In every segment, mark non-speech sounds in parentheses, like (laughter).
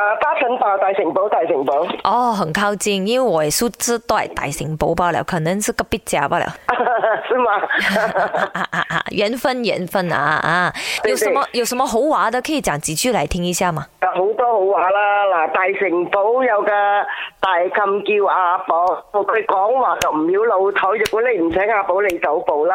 誒，嘉信華大城堡，大城堡，大城堡哦，很靠近，因為我亦住住在大城堡罷了，可能是隔壁家罷了， (laughs) 是嗎？緣 (laughs) (laughs) 分緣分啊啊！對對，有什麼有什麼好話的，可以講幾句嚟聽一下嘛？啊，好多好話啦！嗱，大城堡有個大禁叫阿寶，佢講話就唔要老太，如果你唔請阿寶你走寶啦。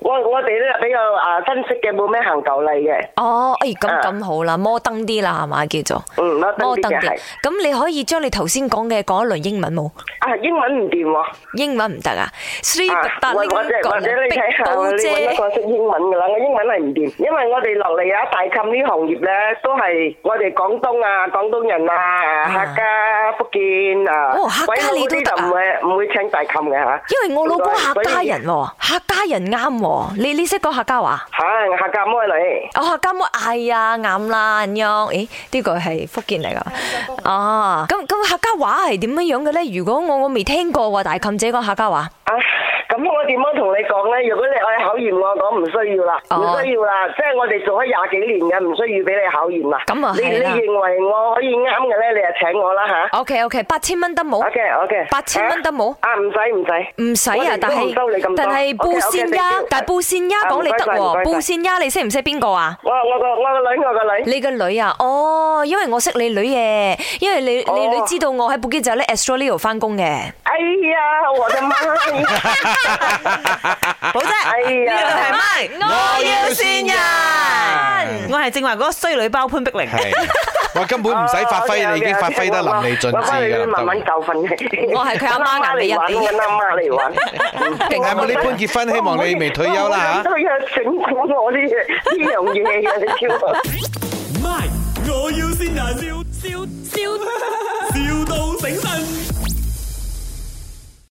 我我哋咧比較啊新式嘅，冇咩行舊例嘅。哦，哎咁咁好啦，摩登啲啦，係嘛叫做？嗯，摩登啲嘅。咁你可以將你頭先講嘅講一輪英文冇？啊，英文唔掂喎。英文唔得啊，所以但係講到啫，講識英文㗎啦，我英文係唔掂。因為我哋落嚟啊大冚呢行業咧，都係我哋廣東啊廣東人啊客家福建啊。哦，客家你都就唔會唔會請大冚嘅嚇。因為我老公客家人喎，客家人啊。你你識講客家話？係、啊、客家妹嚟。哦，客家妹嗌、哎哎這個嗯、啊，啱啦咁樣。誒，呢個係福建嚟噶。哦，咁咁客家話係點樣樣嘅咧？如果我我未聽過大妗姐講客家話。啊點樣同你講咧？如果你可以考驗？我講，唔需要啦，唔需要啦。Oh. 即係我哋做咗廿幾年嘅，唔需要俾你考驗啦。咁啊，你你認為我可以啱嘅咧？你就請我啦，吓、啊。OK OK，八千蚊得冇？OK OK，八千蚊得冇？啊，唔使唔使，唔使啊！但係但係布仙丫，但係布仙丫講你得喎。布仙丫，你識唔識邊個啊？我我個我個女，我個女，我女。你個女啊？哦，因為我識你女嘅、啊，因為你你女知道我喺布基就咧 Astro 呢度翻工嘅。哎呀，我的媽！好正，呢度係咪？我要先人，我係正話嗰個衰女包潘碧玲。我根本唔使發揮，你已經發揮得淋漓盡致啦。我係慢慢救份嘅，我係佢阿媽嚟，人哋阿媽嚟玩。定係冇呢潘結婚？希望你未退休啦吓。都要整蠱我呢呢樣嘢嘅超人。咩？我要先人。